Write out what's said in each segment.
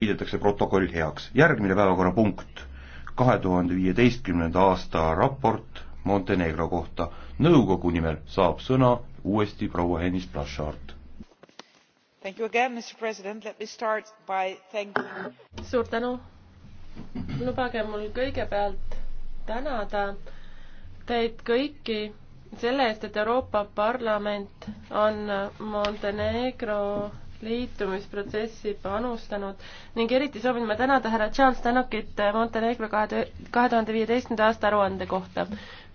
kiidetakse protokoll heaks. järgmine päevakorrapunkt, kahe tuhande viieteistkümnenda aasta raport Montenegro kohta. nõukogu nimel saab sõna uuesti proua Hennis Plaschart. suur tänu. lubage mul kõigepealt tänada teid kõiki selle eest, et Euroopa Parlament on Montenegro liitumisprotsessi panustanud ning eriti soovin ma tänada härra Charles Tanokit Montenegro kahe tuhande viieteistkümnenda aasta aruande kohta.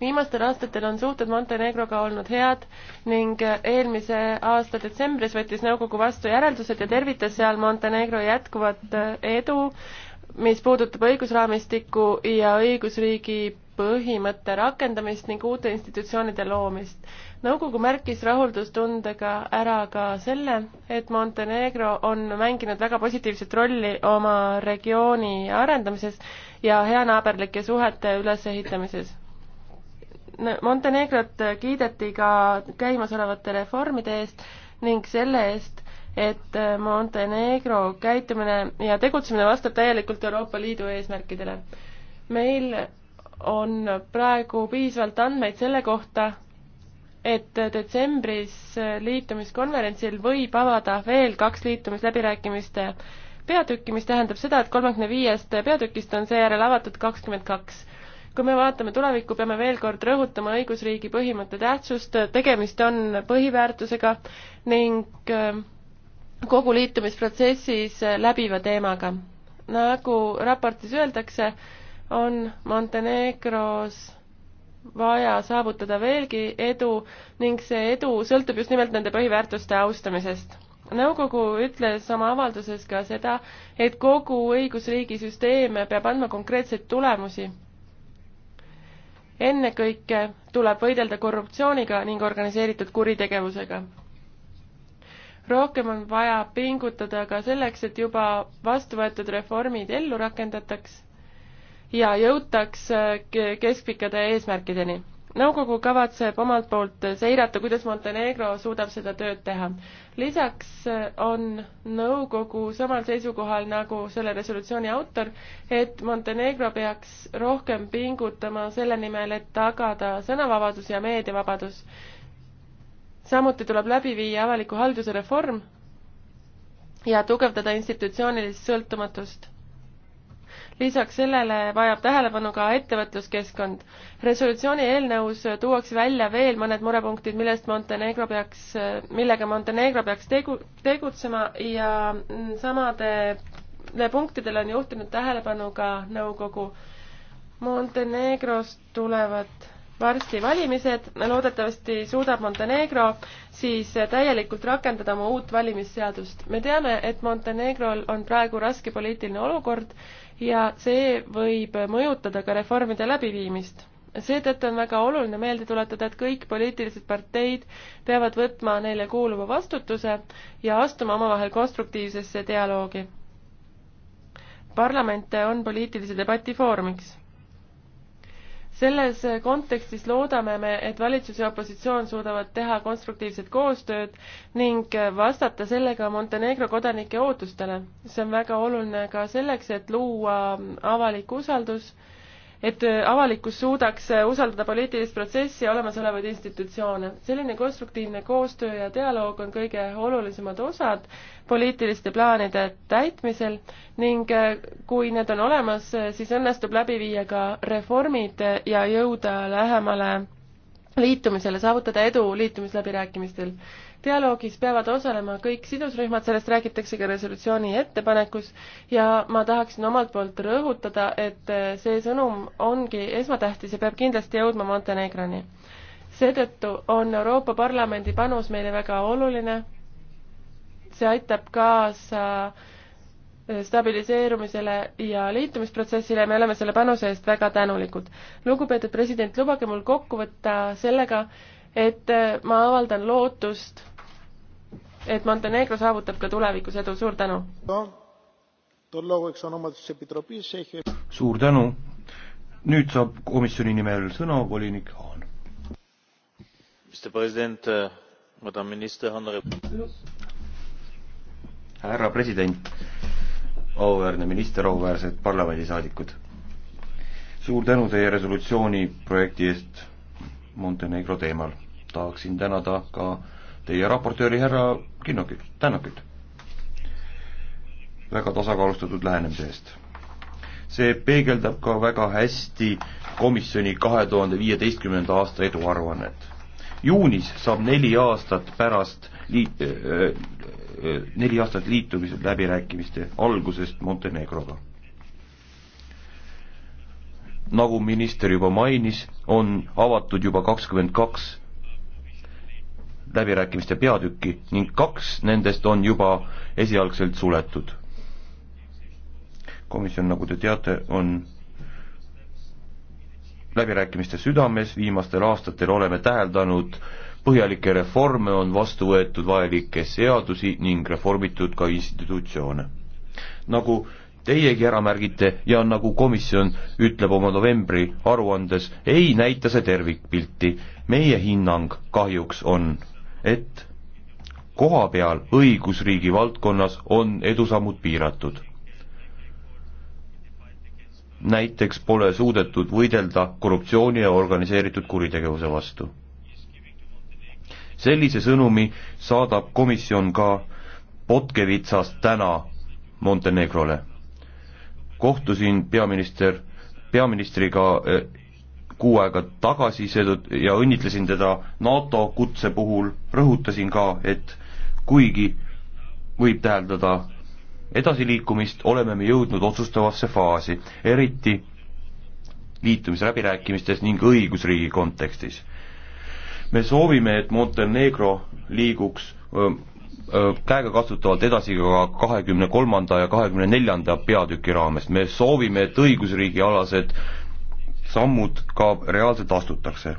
viimastel aastatel on suhted Montenegroga olnud head ning eelmise aasta detsembris võttis nõukogu vastu järeldused ja tervitas seal Montenegro jätkuvat edu, mis puudutab õigusraamistikku ja õigusriigi põhimõtte rakendamist ning uute institutsioonide loomist. nõukogu märkis rahuldustundega ära ka selle, et Montenegro on mänginud väga positiivset rolli oma regiooni arendamises ja heanaaberlike suhete ülesehitamises. Montenegrot kiideti ka käimasolevate reformide eest ning selle eest, et Montenegro käitumine ja tegutsemine vastab täielikult Euroopa Liidu eesmärkidele. meil on praegu piisavalt andmeid selle kohta, et detsembris liitumiskonverentsil võib avada veel kaks liitumisläbirääkimiste peatükki, mis tähendab seda, et kolmekümne viiest peatükist on seejärel avatud kakskümmend kaks. kui me vaatame tulevikku, peame veel kord rõhutama õigusriigi põhimõtte tähtsust, tegemist on põhiväärtusega ning äh, kogu liitumisprotsessis äh, läbiva teemaga. nagu raportis öeldakse, on Montenegros vaja saavutada veelgi edu ning see edu sõltub just nimelt nende põhiväärtuste austamisest. nõukogu ütles oma avalduses ka seda, et kogu õigusriigi süsteem peab andma konkreetseid tulemusi. ennekõike tuleb võidelda korruptsiooniga ning organiseeritud kuritegevusega. rohkem on vaja pingutada ka selleks, et juba vastu võetud reformid ellu rakendataks ja jõutaks äh, keskpikkade eesmärkideni. nõukogu kavatseb omalt poolt seirata, kuidas Montenegro suudab seda tööd teha. lisaks äh, on nõukogu samal seisukohal nagu selle resolutsiooni autor, et Montenegro peaks rohkem pingutama selle nimel, et tagada sõnavabadus ja meediavabadus. samuti tuleb läbi viia avaliku halduse reform ja tugevdada institutsioonilist sõltumatust lisaks sellele vajab tähelepanu ka ettevõtluskeskkond. resolutsiooni eelnõus tuuakse välja veel mõned murepunktid, millest Montenegro peaks, millega Montenegro peaks tegu, tegutsema ja samadele punktidele on juhtinud tähelepanu ka nõukogu. Montenegros tulevad varsti valimised, loodetavasti suudab Montenegro siis täielikult rakendada oma uut valimisseadust. me teame, et Montenegrol on praegu raske poliitiline olukord ja see võib mõjutada ka reformide läbiviimist. seetõttu on väga oluline meelde tuletada, et kõik poliitilised parteid peavad võtma neile kuuluva vastutuse ja astuma omavahel konstruktiivsesse dialoogi. parlament on poliitilise debati foorumiks selles kontekstis loodame me, et valitsus ja opositsioon suudavad teha konstruktiivset koostööd ning vastata sellega Montenegro kodanike ootustele. see on väga oluline ka selleks, et luua avalik usaldus äh, et äh, avalikkus suudaks äh, usaldada poliitilist protsessi ja olemasolevaid institutsioone. selline konstruktiivne koostöö ja dialoog on kõige olulisemad osad poliitiliste plaanide täitmisel ning äh, kui need on olemas, siis õnnestub läbi viia ka reformid ja jõuda lähemale liitumisele, saavutada edu liitumisläbirääkimistel dialoogis peavad osalema kõik sidusrühmad, sellest räägitakse ka resolutsiooni ettepanekus ja ma tahaksin omalt poolt rõhutada, et eh, see sõnum ongi esmatähtis ja peab kindlasti jõudma Montenegroni. seetõttu on Euroopa Parlamendi panus meile väga oluline, see aitab kaasa eh, stabiliseerumisele ja liitumisprotsessile, me oleme selle panuse eest väga tänulikud. lugupeetud president, lubage mul kokku võtta sellega, et eh, ma avaldan lootust et Montenegro saavutab ka tulevikus edu, suur tänu! suur tänu, nüüd saab komisjoni nimel sõna volinik Haan. Uh, härra president, auväärne minister, auväärsed parlamendisaadikud suur tänu teie resolutsiooni projekti eest Montenegro teemal. tahaksin tänada ka teie raportööri härra Kinnokit, Tänakit väga tasakaalustatud lähenemise eest. see peegeldab ka väga hästi komisjoni kahe tuhande viieteistkümnenda aasta eduaruannet. juunis saab neli aastat pärast liit- äh,, äh, neli aastat liitumise läbirääkimiste algusest Montenegroga. nagu minister juba mainis, on avatud juba kakskümmend kaks läbirääkimiste peatükki ning kaks nendest on juba esialgselt suletud. komisjon, nagu te teate, on läbirääkimiste südames, viimastel aastatel oleme täheldanud põhjalikke reforme, on vastu võetud vajalikke seadusi ning reformitud ka institutsioone. nagu teiegi ära märgite ja nagu komisjon ütleb oma novembri aruandes, ei näita see tervikpilti. meie hinnang kahjuks on et kohapeal õigusriigi valdkonnas on edusammud piiratud. näiteks pole suudetud võidelda korruptsiooni ja organiseeritud kuritegevuse vastu. sellise sõnumi saadab komisjon ka Potkevitsast täna Montenegrole. kohtusin peaminister, peaministriga eh, kuu aega tagasi seetõttu ja õnnitlesin teda NATO kutse puhul, rõhutasin ka, et kuigi võib täheldada edasiliikumist, oleme me jõudnud otsustavasse faasi, eriti liitumisläbirääkimistes ning õigusriigi kontekstis. me soovime, et Montenegro liiguks öö, käegakatsutavalt edasi ka kahekümne kolmanda ja kahekümne neljanda peatüki raames. me soovime, et õigusriigi alased sammud ka reaalselt astutakse.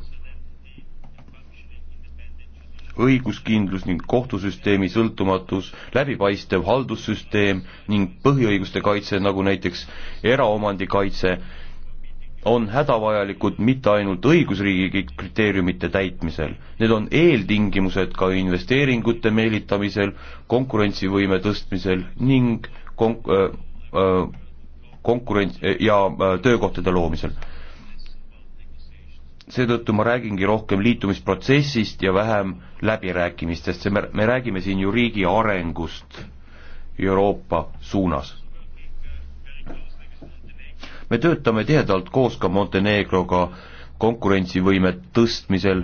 õiguskindlus ning kohtusüsteemi sõltumatus, läbipaistev haldussüsteem ning põhiõiguste kaitse, nagu näiteks eraomandi kaitse, on hädavajalikud mitte ainult õigusriigi kriteeriumite täitmisel, need on eeltingimused ka investeeringute meelitamisel, konkurentsivõime tõstmisel ning konk-, äh, äh, konkurents- ja äh, töökohtade loomisel seetõttu ma räägingi rohkem liitumisprotsessist ja vähem läbirääkimistest, see me, me räägime siin ju riigi arengust Euroopa suunas. me töötame tihedalt koos ka Montenegroga konkurentsivõime tõstmisel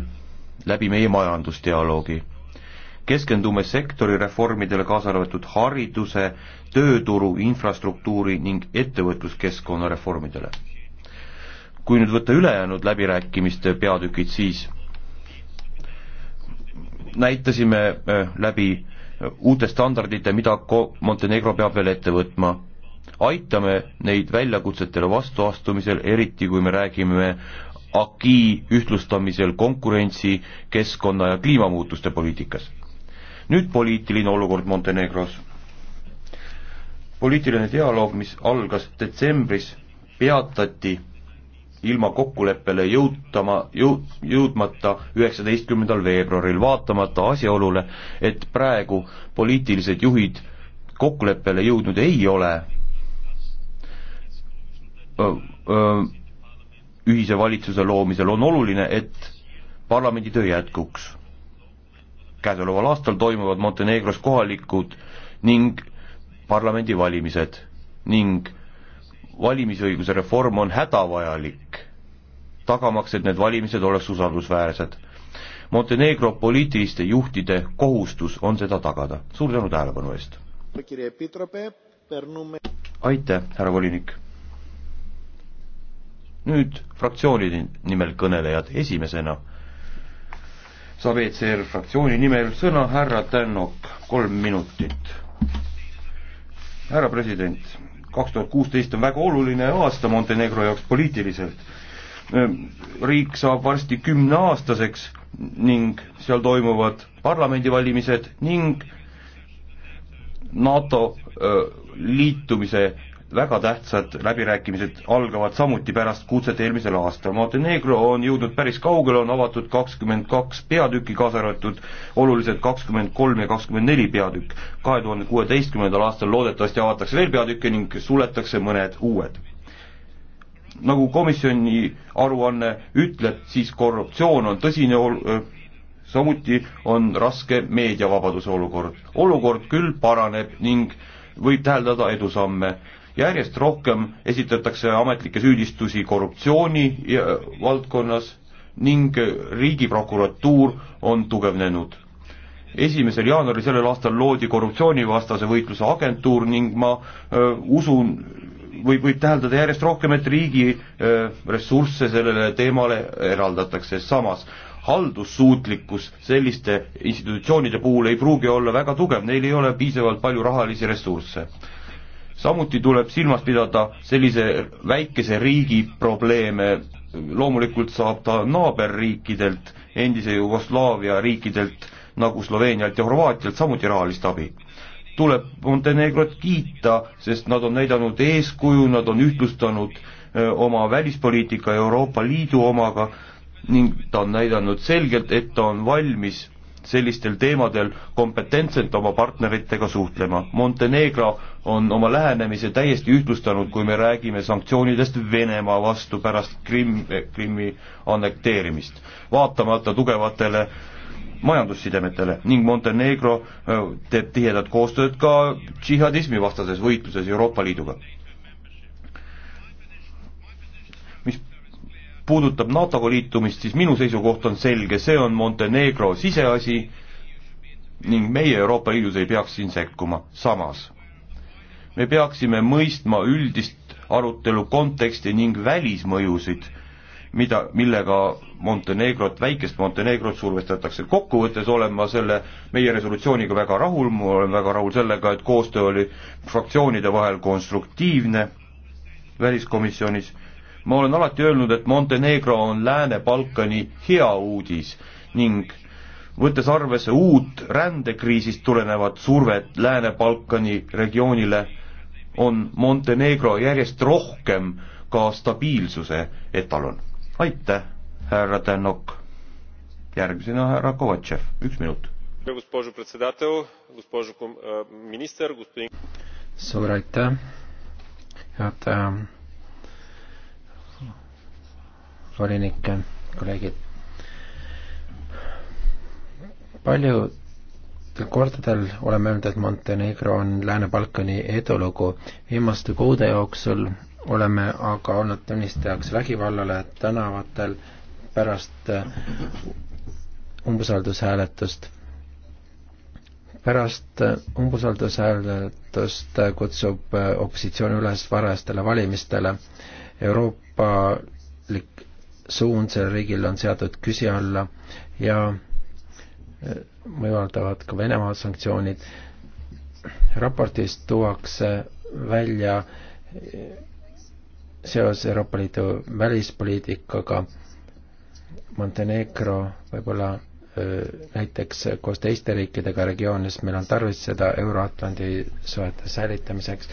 läbi meie majandusdialoogi. keskendume sektori reformidele, kaasa arvatud hariduse, tööturu, infrastruktuuri ning ettevõtluskeskkonna reformidele kui nüüd võtta ülejäänud läbirääkimiste peatükid, siis näitasime äh, läbi äh, uute standardite, mida ko-, Montenegro peab veel ette võtma. aitame neid väljakutsetele vastuastumisel, eriti kui me räägime AKI ühtlustamisel konkurentsi, keskkonna ja kliimamuutuste poliitikas. nüüd poliitiline olukord Montenegros. poliitiline dialoog, mis algas detsembris, peatati ilma kokkuleppele jõutama, jõu-, jõudmata üheksateistkümnendal veebruaril, vaatamata asjaolule, et praegu poliitilised juhid kokkuleppele jõudnud ei ole öö, öö, ühise valitsuse loomisel, on oluline, et parlamendi töö jätkuks. käesoleval aastal toimuvad Montenegros kohalikud ning parlamendivalimised ning valimisõiguse reform on hädavajalik, tagamaks, et need valimised oleks usaldusväärsed. Montenegro poliitiliste juhtide kohustus on seda tagada. suur tänu tähelepanu eest! aitäh, härra volinik! nüüd fraktsioonide nimel kõnelejad, esimesena saab ECR fraktsiooni nimel sõna härra Tännok, kolm minutit. härra president kaks tuhat kuusteist on väga oluline aasta Montenegro jaoks poliitiliselt. Ehm, riik saab varsti kümneaastaseks ning seal toimuvad parlamendivalimised ning NATO ehm, liitumise väga tähtsad läbirääkimised algavad samuti pärast kutset eelmisel aastal. Montenegro on jõudnud päris kaugele, on avatud kakskümmend kaks peatükki, kaasa arvatud oluliselt kakskümmend kolm ja kakskümmend neli peatükk. kahe tuhande kuueteistkümnendal aastal loodetavasti avatakse veel peatükke ning suletakse mõned uued. nagu komisjoni aruanne ütleb, siis korruptsioon on tõsine ol-, samuti on raske meediavabaduse olukord. olukord küll paraneb ning võib täheldada edusamme järjest rohkem esitatakse ametlikke süüdistusi korruptsiooni valdkonnas ning riigiprokuratuur on tugevnenud. esimesel jaanuaril sellel aastal loodi korruptsioonivastase võitluse agentuur ning ma öö, usun, võib, võib täheldada järjest rohkem, et riigi öö, ressursse sellele teemale eraldatakse, samas haldussuutlikkus selliste institutsioonide puhul ei pruugi olla väga tugev, neil ei ole piisavalt palju rahalisi ressursse samuti tuleb silmas pidada sellise väikese riigi probleeme, loomulikult saab ta naaberriikidelt, endise Jugoslaavia riikidelt nagu Sloveenialt ja Horvaatialt samuti rahalist abi. tuleb Montenegrot kiita, sest nad on näidanud eeskuju, nad on ühtlustanud öö, oma välispoliitika Euroopa Liidu omaga ning ta on näidanud selgelt, et ta on valmis sellistel teemadel kompetentselt oma partneritega suhtlema. Montenegro on oma lähenemise täiesti ühtlustanud, kui me räägime sanktsioonidest Venemaa vastu pärast Krimm, Krimmi annekteerimist, vaatamata tugevatele majandussidemetele ning Montenegro äh, teeb tihedat koostööd ka džihadismi vastases võitluses Euroopa Liiduga puudutab NATO-ga liitumist, siis minu seisukoht on selge, see on Montenegro siseasi ning meie Euroopa Liidus ei peaks siin sekkuma, samas me peaksime mõistma üldist arutelu konteksti ning välismõjusid, mida, millega Montenegrot, väikest Montenegrot survestatakse. kokkuvõttes olen ma selle meie resolutsiooniga väga rahul, ma olen väga rahul sellega, et koostöö oli fraktsioonide vahel konstruktiivne väliskomisjonis ma olen alati öelnud, et Montenegro on Lääne-Balkani hea uudis ning võttes arvesse uut rändekriisist tulenevat survet Lääne-Balkani regioonile, on Montenegro järjest rohkem ka stabiilsuse etalon. aitäh, härra Tänok. järgmisena härra Kovatšev, üks minut. suur aitäh, juhataja volinik, kolleegid. palju kordadel oleme öelnud, et Montenegro on Lääne-Balkani edulugu. viimaste kuude jooksul oleme aga olnud tunnistajaks vägivallale tänavatel pärast äh, umbusaldushääletust. pärast äh, umbusaldushääletust äh, kutsub opositsioon üles varajastele valimistele. Euroopa lik suund sellel riigil on seatud küsi alla ja eh, mõjutavad ka Venemaa sanktsioonid. raportis tuuakse välja eh, seos Euroopa Liidu välispoliitikaga Montenegro võib-olla eh, näiteks koos teiste riikidega regioonis, meil on tarvis seda Euro-Atlandi suhete säilitamiseks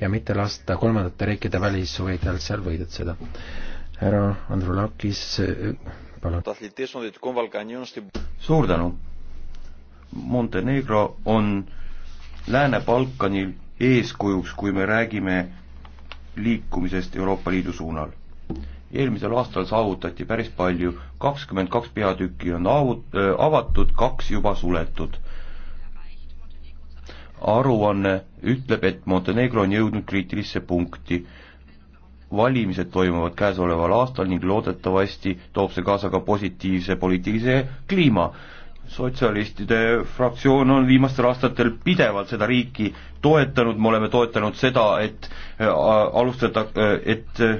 ja mitte lasta kolmandate riikide välishuvidel seal võidutseda. härra Andrulakis, palun. suur tänu. Montenegro on Lääne-Balkanil eeskujuks, kui me räägime liikumisest Euroopa Liidu suunal. eelmisel aastal saavutati päris palju, kakskümmend kaks peatükki on avut-, äh, avatud, kaks juba suletud aruanne ütleb, et Montenegro on jõudnud kriitilisse punkti. valimised toimuvad käesoleval aastal ning loodetavasti toob see kaasa ka positiivse poliitilise kliima. sotsialistide fraktsioon on viimastel aastatel pidevalt seda riiki toetanud, me oleme toetanud seda, et äh, alustada, äh, et äh,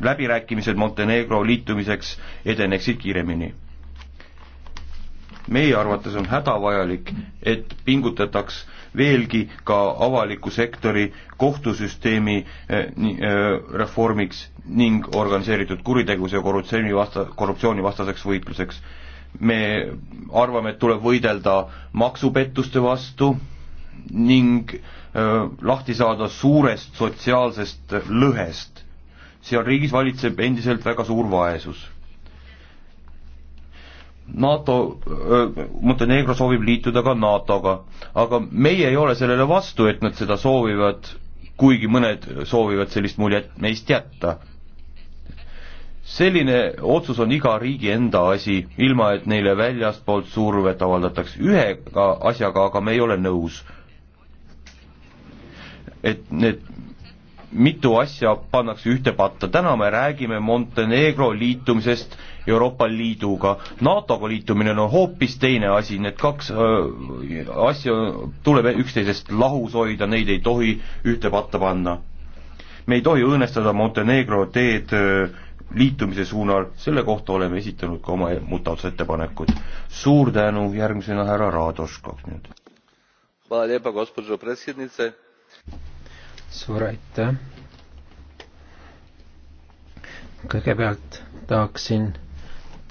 läbirääkimised Montenegro liitumiseks edeneksid kiiremini meie arvates on hädavajalik, et pingutataks äh, veelgi ka avaliku sektori kohtusüsteemi eh, eh, reformiks ning organiseeritud kuritegevuse ja korruptsiooni vasta-, korruptsioonivastaseks võitluseks. me arvame, et tuleb võidelda maksupettuste vastu ning eh, lahti saada suurest sotsiaalsest lõhest. seal riigis valitseb endiselt väga suur vaesus NATO, Montenegro soovib liituda ka NATO-ga, aga meie ei ole sellele vastu, et nad seda soovivad, kuigi mõned soovivad sellist muljet meist jätta. selline otsus on iga riigi enda asi, ilma et neile väljastpoolt survet avaldataks. ühega asjaga aga me ei ole nõus. et need mitu asja pannakse ühte patta, täna me räägime Montenegro liitumisest äh, Euroopa Liiduga. NATO-ga liitumine on hoopis teine asi, need kaks äh, asja tuleb üksteisest lahus hoida, neid ei tohi ühte patta panna. me ei tohi õõnestada Montenegro teed äh, liitumise suunal, selle kohta oleme esitanud ka oma muudatusettepanekud. suur tänu, järgmisena härra Raados, kaks minutit. suur aitäh kõigepealt tahaksin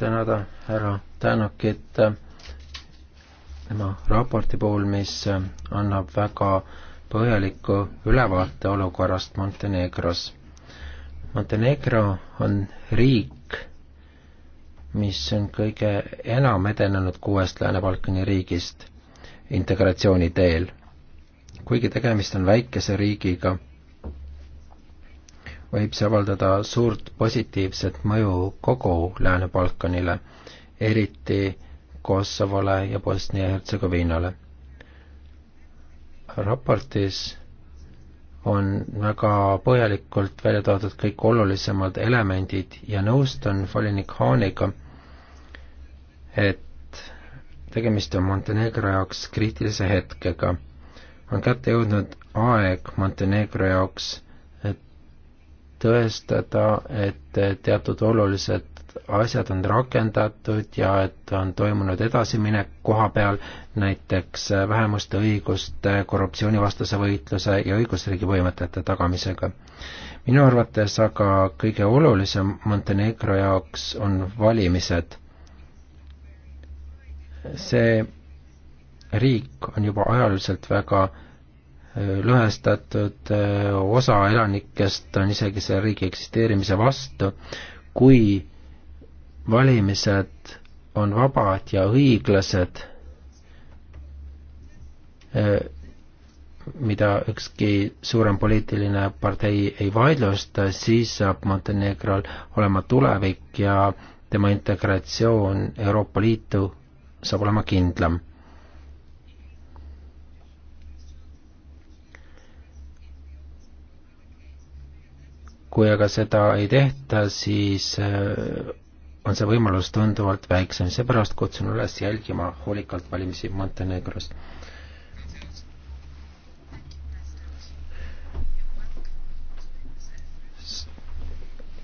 tänada härra Tänakit tema raporti puhul, mis annab väga põhjaliku ülevaate olukorrast Montenegros. Montenegro on riik, mis on kõige enam edenenud kuuest Lääne-Balkani riigist integratsiooni teel. kuigi tegemist on väikese riigiga võib see avaldada suurt positiivset mõju kogu Lääne-Balkanile, eriti Kosovole ja Bosnia-Hertsegoviinale. raportis on väga põhjalikult välja toodud kõik olulisemad elemendid ja nõustun volinik Haaniga, et tegemist on Montenegro jaoks kriitilise hetkega. on kätte jõudnud aeg Montenegro jaoks tõestada, et teatud olulised asjad on rakendatud ja et on toimunud edasiminek koha peal, näiteks vähemuste õiguste, korruptsioonivastase võitluse ja õigusriigi põhimõtete tagamisega. minu arvates aga kõige olulisem Montenegro jaoks on valimised. see riik on juba ajalooliselt väga lõhestatud äh, osa elanikest on isegi selle riigi eksisteerimise vastu, kui valimised on vabad ja õiglased, äh, mida ükski suurem poliitiline partei ei vaidlusta, siis saab Montenegrol olema tulevik ja tema integratsioon Euroopa Liitu saab olema kindlam kui aga seda ei tehta, siis äh, on see võimalus tunduvalt väiksem, seepärast kutsun üles jälgima hoolikalt valimisi Montenegros.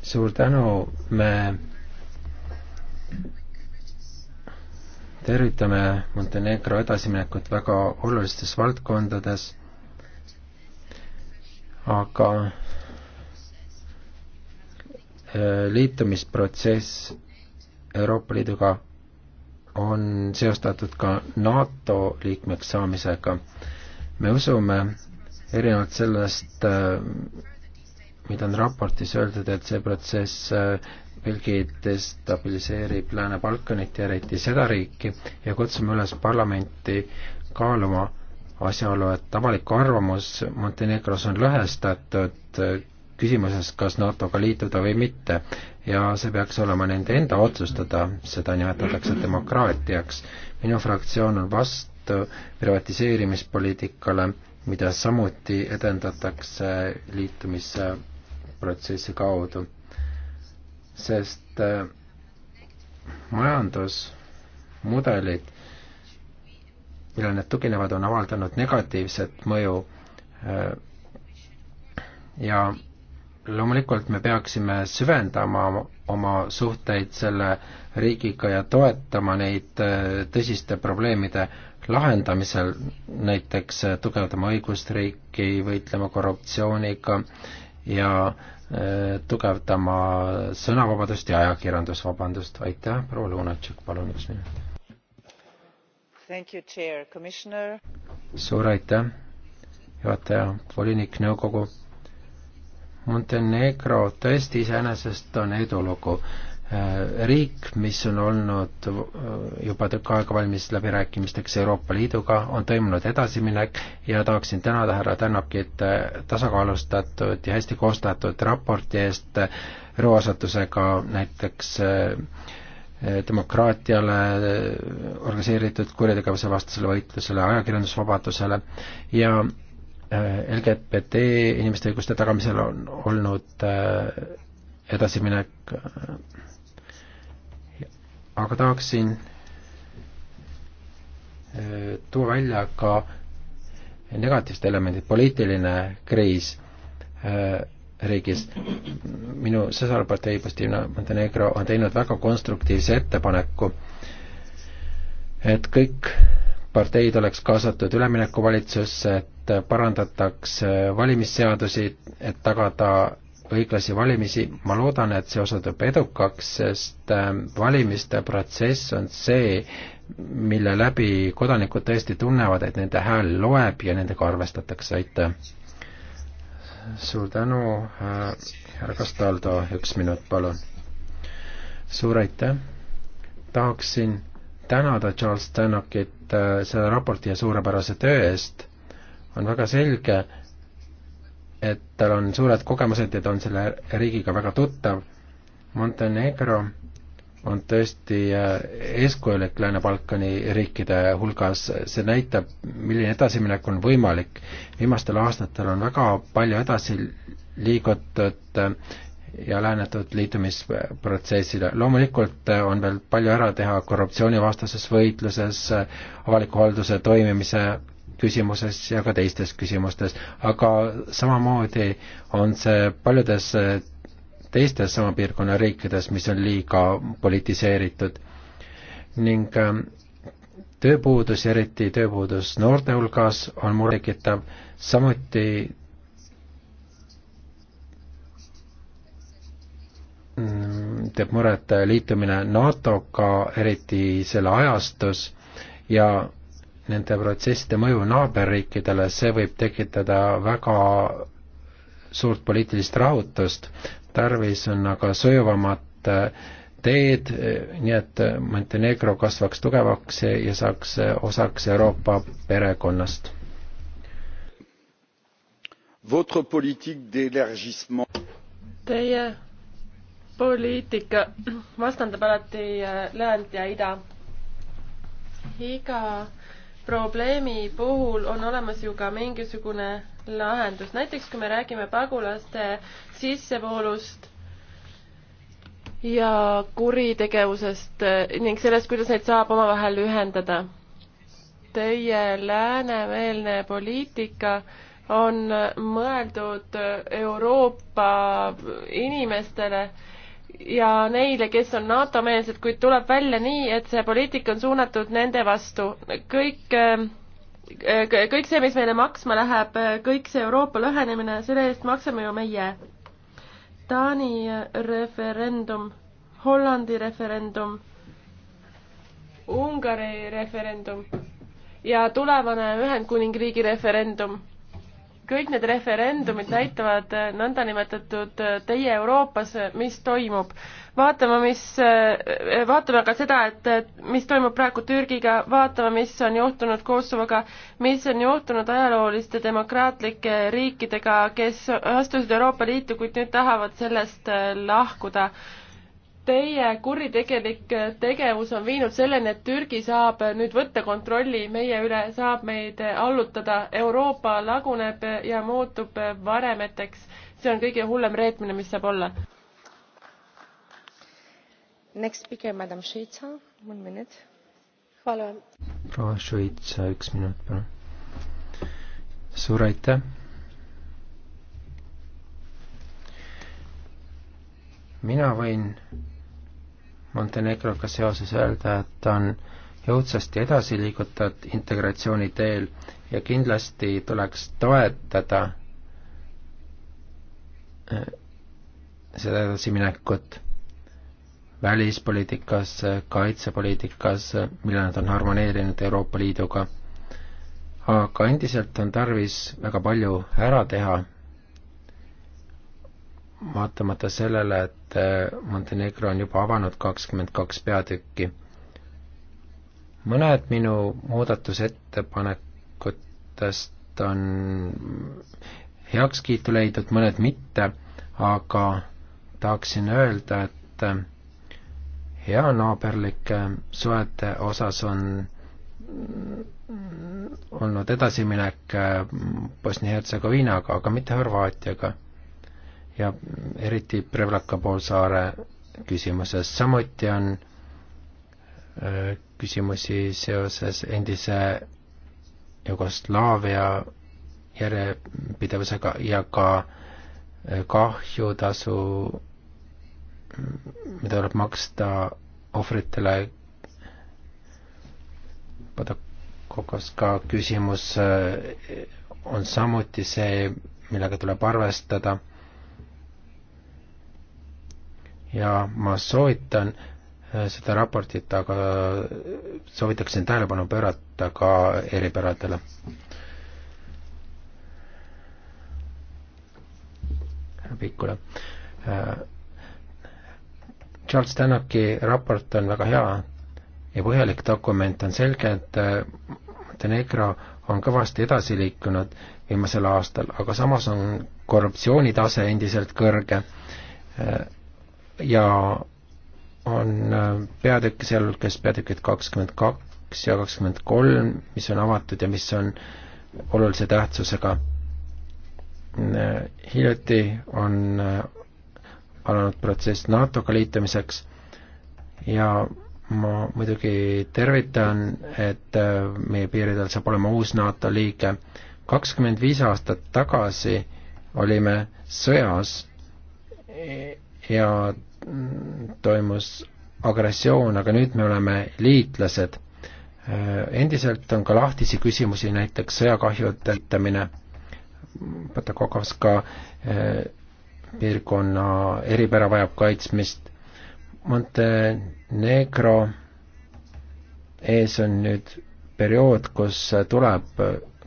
suur tänu, me tervitame Montenegro edasiminekut väga olulistes valdkondades, aga Äh, liitumisprotsess Euroopa Liiduga on seostatud ka NATO liikmeks saamisega. me usume, erinevalt sellest, äh, mida on raportis öeldud, et see protsess veelgi äh, destabiliseerib Lääne-Balkanit ja eriti seda riiki ja kutsume üles parlamenti kaaluma asjaolu, et avalik arvamus Montenegros on lõhestatud küsimuses, kas NATO-ga liituda või mitte. ja see peaks olema nende enda otsustada, seda nimetatakse demokraatiaks. minu fraktsioon on vastu privatiseerimispoliitikale, mida samuti edendatakse liitumisprotsessi kaudu. sest äh, majandusmudelid, millele need tuginevad, on avaldanud negatiivset mõju äh, ja loomulikult me peaksime süvendama oma suhteid selle riigiga ja toetama neid äh, tõsiste probleemide lahendamisel, näiteks äh, tugevdama õigusriiki, võitlema korruptsiooniga ja äh, tugevdama sõnavabadust ja ajakirjandusvabandust. aitäh, proua Lunatšik, palun üks minut. suur aitäh, juhataja, volinik, nõukogu Montenegro tõesti iseenesest on edulugu. Äh, riik, mis on olnud äh, juba tükk aega valmis läbirääkimisteks Euroopa Liiduga, on toimunud edasiminek ja tahaksin tänada härra Tänakit äh, tasakaalustatud ja hästi koostatud raporti eest rõhuasetusega näiteks demokraatiale, organiseeritud kuritegevuse vastasele võitlusele, ajakirjandusvabadusele ja Äh, LGBT inimeste õiguste tagamisel on olnud äh, edasiminek. Äh, aga tahaksin tuua välja ka negatiivsed elemendid, poliitiline kriis riigis. minu sõsarpartei Postina Montenegro on teinud väga konstruktiivse ettepaneku, et kõik parteid oleks kaasatud üleminekuvalitsusse, et et parandataks valimisseadusi, et tagada õiglasi valimisi, ma loodan, et see osutub edukaks, sest ähm, valimiste protsess on see, mille läbi kodanikud tõesti tunnevad, et nende hääl loeb ja nendega arvestatakse, aitäh. suur tänu, äh, härra Kastaldo, üks minut, palun. suur aitäh, tahaksin tänada Charles Stanokit äh, selle raporti ja suurepärase töö eest on väga selge, et tal on suured kogemused ja ta on selle riigiga väga tuttav. Montenegro on tõesti äh, eeskujulik Lääne-Balkani riikide hulgas, see näitab, milline edasiminek on võimalik. viimastel aastatel on väga palju edasi liigutud äh, ja lähenetud liitumisprotsessile. loomulikult äh, on veel palju ära teha korruptsioonivastases võitluses, avaliku halduse toimimise küsimuses ja ka teistes küsimustes, aga samamoodi on see paljudes eh, teistes sama piirkonna riikides, mis on liiga politiseeritud. ning eh, tööpuudus, eriti tööpuudus noorte hulgas, on murettekitav, samuti mm, teeb muret liitumine NATO-ga, eriti selle ajastus ja nende protsesside mõju naaberriikidele, see võib tekitada väga suurt poliitilist rahutust. tarvis on aga söövamat äh, teed, äh, nii et äh, Montenegro kasvaks tugevaks ja saaks osaks Euroopa perekonnast. Teie poliitika vastandab alati läänt ja ida. iga probleemi puhul on olemas ju ka mingisugune lahendus. näiteks kui me räägime pagulaste sissevoolust ja kuritegevusest eh, ning sellest, kuidas neid saab omavahel ühendada. Teie läänemeelne poliitika on mõeldud Euroopa inimestele ja neile, kes on NATO-meelsed, kuid tuleb välja nii, et see poliitika on suunatud nende vastu. kõik, äh, äh, kõik see, mis meile maksma läheb, äh, kõik see Euroopa lõhenemine, selle eest maksame ju meie. Taani referendum, Hollandi referendum, Ungari referendum ja tulevane Ühendkuningriigi referendum kõik need referendumid näitavad äh, nõndanimetatud äh, Teie Euroopas, äh, mis toimub. vaatame, mis, vaatame ka seda, et mis toimub praegu Türgiga, vaatame, mis on juhtunud Kosovoga, mis on juhtunud ajalooliste demokraatlike riikidega, kes astusid Euroopa Liitu, kuid nüüd tahavad sellest lahkuda teie kuritegelik tegevus on viinud selleni, et Türgi saab nüüd võtta kontrolli meie üle, saab meid allutada, Euroopa laguneb ja muutub varemeteks. see on kõige hullem reetmine, mis saab olla. Next speaker, madam Šuitsa, one minute. proua Šuitsa, üks minut, palun. suur aitäh mina võin Montenegroga seoses öelda, et on jõudsasti edasi liigutud integratsiooni teel ja kindlasti tuleks toetada äh, seda edasiminekut välispoliitikas, kaitsepoliitikas, mille nad on harmoneerinud Euroopa Liiduga. aga endiselt on tarvis väga palju ära teha vaatamata sellele, et äh, Montenegro on juba avanud kakskümmend kaks peatükki. mõned minu muudatusettepanekutest on heakskiitu leidnud, mõned mitte, aga tahaksin öelda, et äh, heanaaberlike suhete osas on mm, olnud edasiminek äh, Bosnia-Hertsegoviinaga, aga mitte Horvaatiaga ja eriti Prevlaka poolsaare küsimuses, samuti on äh, küsimusi seoses endise Jugoslaavia järjepidevusega ja ka äh, kahjutasu, mida tuleb maksta ohvritele. Podokokoska küsimus äh, on samuti see, millega tuleb arvestada ja ma soovitan äh, seda raportit, aga äh, soovitaksin tähelepanu pöörata ka eripäradele. härra Pikula. Äh, Charles Tanaki raport on väga hea ja põhjalik dokument, on selge, et Montenegro on kõvasti edasi liikunud viimasel aastal, aga samas on korruptsioonitase endiselt kõrge ja on äh, peatükk seal, kes peatükid kakskümmend kaks ja kakskümmend kolm, mis on avatud ja mis on olulise tähtsusega. Äh, hiljuti on äh, alanud protsess NATO-ga liitumiseks ja ma muidugi tervitan, et meie piiridel saab olema uus NATO liige. kakskümmend viis aastat tagasi olime sõjas ja toimus agressioon, aga nüüd me oleme liitlased. Äh, endiselt on ka lahtisi küsimusi, näiteks sõjakahjude aitamine, Patakokovska äh, piirkonna eripära vajab kaitsmist, Montenegro ees on nüüd periood, kus tuleb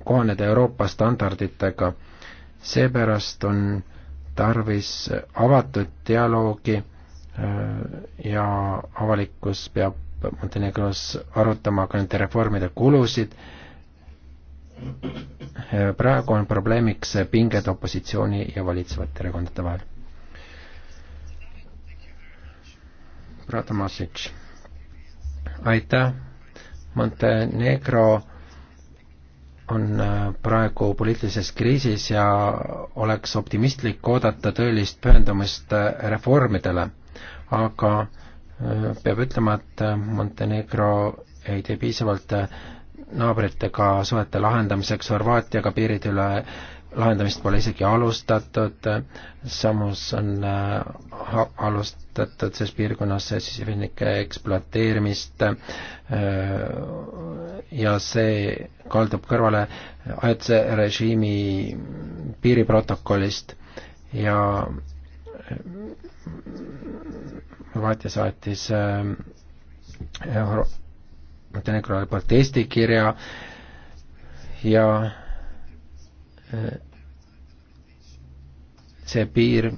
kohaneda Euroopa standarditega, seepärast on äh, tarvis avatud dialoogi äh, ja avalikkus peab Montenegros arutama ka nende reformide kulusid. Äh, praegu on probleemiks pinged opositsiooni ja valitsevate erakondade vahel. Radamasic, aitäh. Montenegro on äh, praegu poliitilises kriisis ja oleks optimistlik oodata tõelist pühendumist äh, reformidele. aga äh, peab ütlema, et Montenegro ei tee piisavalt naabritega suhete lahendamiseks, Horvaatiaga piirid üle lahendamist pole isegi alustatud, samus on äh, alustatud selles piirkonnas sisevehnike ekspluateerimist äh, ja see kaldub kõrvale AEC režiimi piiriprotokollist ja äh, Horvaatia saatis Montenegrole protestikirja ja see piir,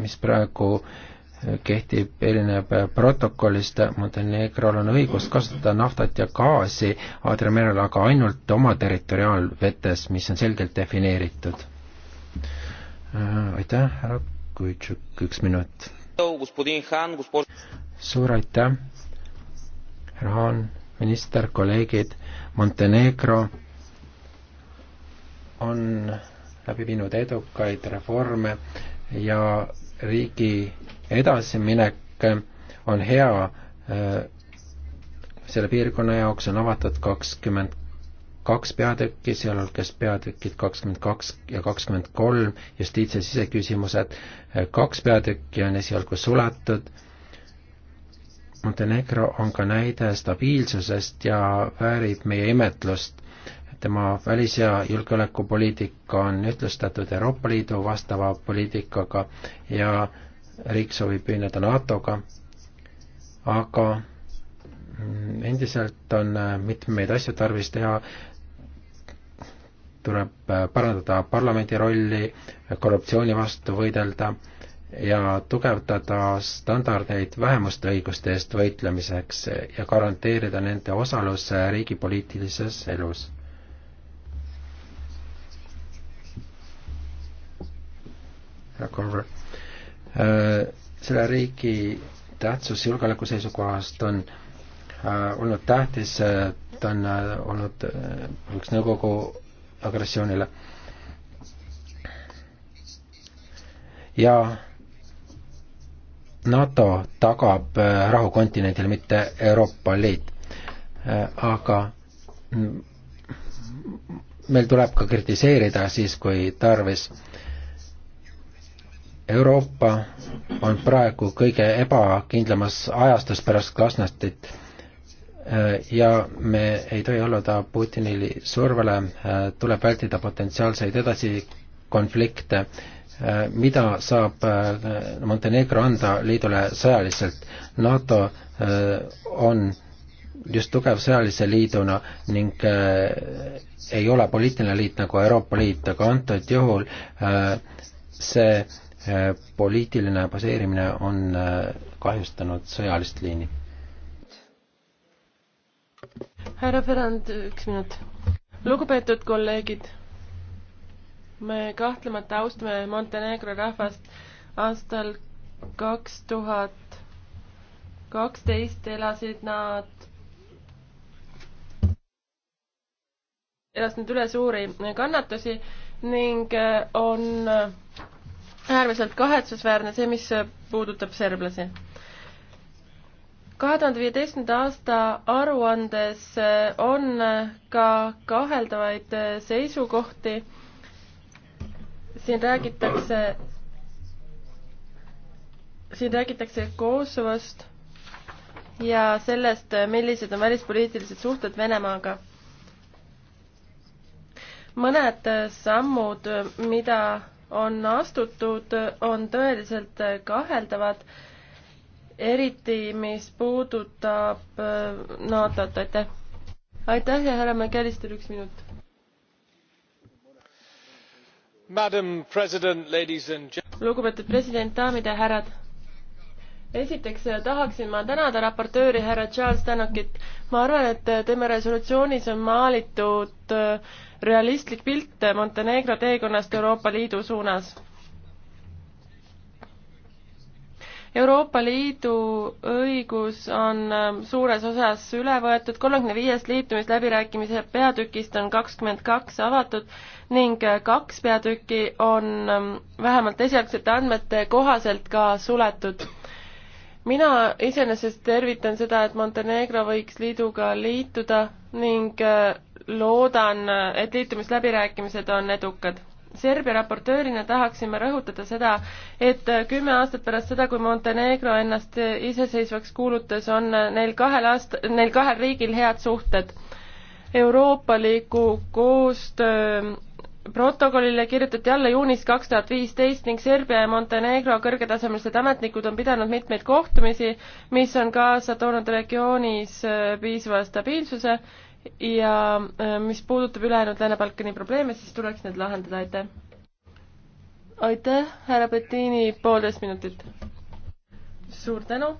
mis praegu kehtib, erineb protokollist, Montenegrol on õigus kasutada naftat ja gaasi Aadria merel, aga ainult oma territoriaalvetes, mis on selgelt defineeritud. aitäh, härra Kujutšuk, üks minut. suur aitäh, härra Haan, minister, kolleegid, Montenegro on läbi viinud edukaid reforme ja riigi edasiminek on hea äh, selle piirkonna jaoks on avatud kakskümmend kaks peatükki, sealhulgas peatükid kakskümmend kaks ja kakskümmend kolm, justiits- ja siseküsimused, äh, kaks peatükki on esialgu suletud, Montenegro on ka näide stabiilsusest ja väärib meie imetlust tema välis- ja julgeolekupoliitika on ühtlustatud Euroopa Liidu vastava poliitikaga ja riik soovib ühineda NATO-ga, aga mm, endiselt on äh, mitmeid asju tarvis teha, tuleb äh, parandada parlamendi rolli, korruptsiooni vastu võidelda ja tugevdada standardeid vähemuste õiguste eest võitlemiseks ja garanteerida nende osalus äh, riigi poliitilises elus Conver. Äh, selle riigi tähtsus julgeoleku seisukohast on äh, olnud tähtis, äh, ta on olnud üks nõukogu agressioonile. ja NATO tagab rahu kontinendil, mitte Euroopa Liit. aga meil tuleb ka kritiseerida siis, kui tarvis Euroopa on praegu kõige ebakindlamas ajastus pärast Glasnostit äh, ja me ei tohi alluda Putinile survele, äh, tuleb vältida potentsiaalseid edasikonflikte, äh, mida saab Montenegro anda liidule sõjaliselt. NATO on just tugev sõjalise liiduna ning ei ole poliitiline liit nagu Euroopa Liit, aga antud juhul see Äh, poliitiline baseerimine on äh, kahjustanud sõjalist liini. härra Ferrand, üks minut. lugupeetud kolleegid, me kahtlemata austame Montenegro rahvast. aastal kaks tuhat kaksteist elasid nad elas nad üle suuri kannatusi ning äh, on äärmiselt kahetsusväärne see, mis puudutab serblasi. kahe tuhande viieteistkümnenda aasta aruandes on ka kaheldavaid seisukohti. siin räägitakse, siin räägitakse Kosovost ja sellest, millised on välispoliitilised suhted Venemaaga mõned sammud, mida on astutud, on tõeliselt kaheldavad, eriti mis puudutab äh, NATO-t, aitäh. aitäh ja härra McAllister, üks minut. lugupeetud president, daamid ja härrad. esiteks äh, tahaksin ma tänada raportööri härra Charles Tannockit. ma arvan, et äh, tema resolutsioonis on maalitud äh, realistlik pilt Montenegro teekonnast Euroopa Liidu suunas. Euroopa Liidu õigus on ähm, suures osas üle võetud, kolmekümne viiest liitumisläbirääkimise peatükist on kakskümmend kaks avatud ning äh, kaks peatükki on ähm, vähemalt esialgsete andmete kohaselt ka suletud mina iseenesest tervitan seda, et Montenegro võiks liiduga liituda ning äh, loodan, et liitumisläbirääkimised on edukad. Serbia raportöörina tahaksime rõhutada seda, et kümme aastat pärast seda, kui Montenegro ennast iseseisvaks kuulutas, on neil kahel aast-, neil kahel riigil head suhted. euroopaliku koostöö protokollile kirjutati alla juunis kaks tuhat viisteist ning Serbia ja Montenegro kõrgetasemelised ametnikud on pidanud mitmeid kohtumisi, mis on kaasa toonud regioonis piisava stabiilsuse ja äh, mis puudutab ülejäänud Lääne-Balkani probleeme, siis tuleks need lahendada, aitäh. aitäh, härra Bettini, poolteist minutit. suur tänu.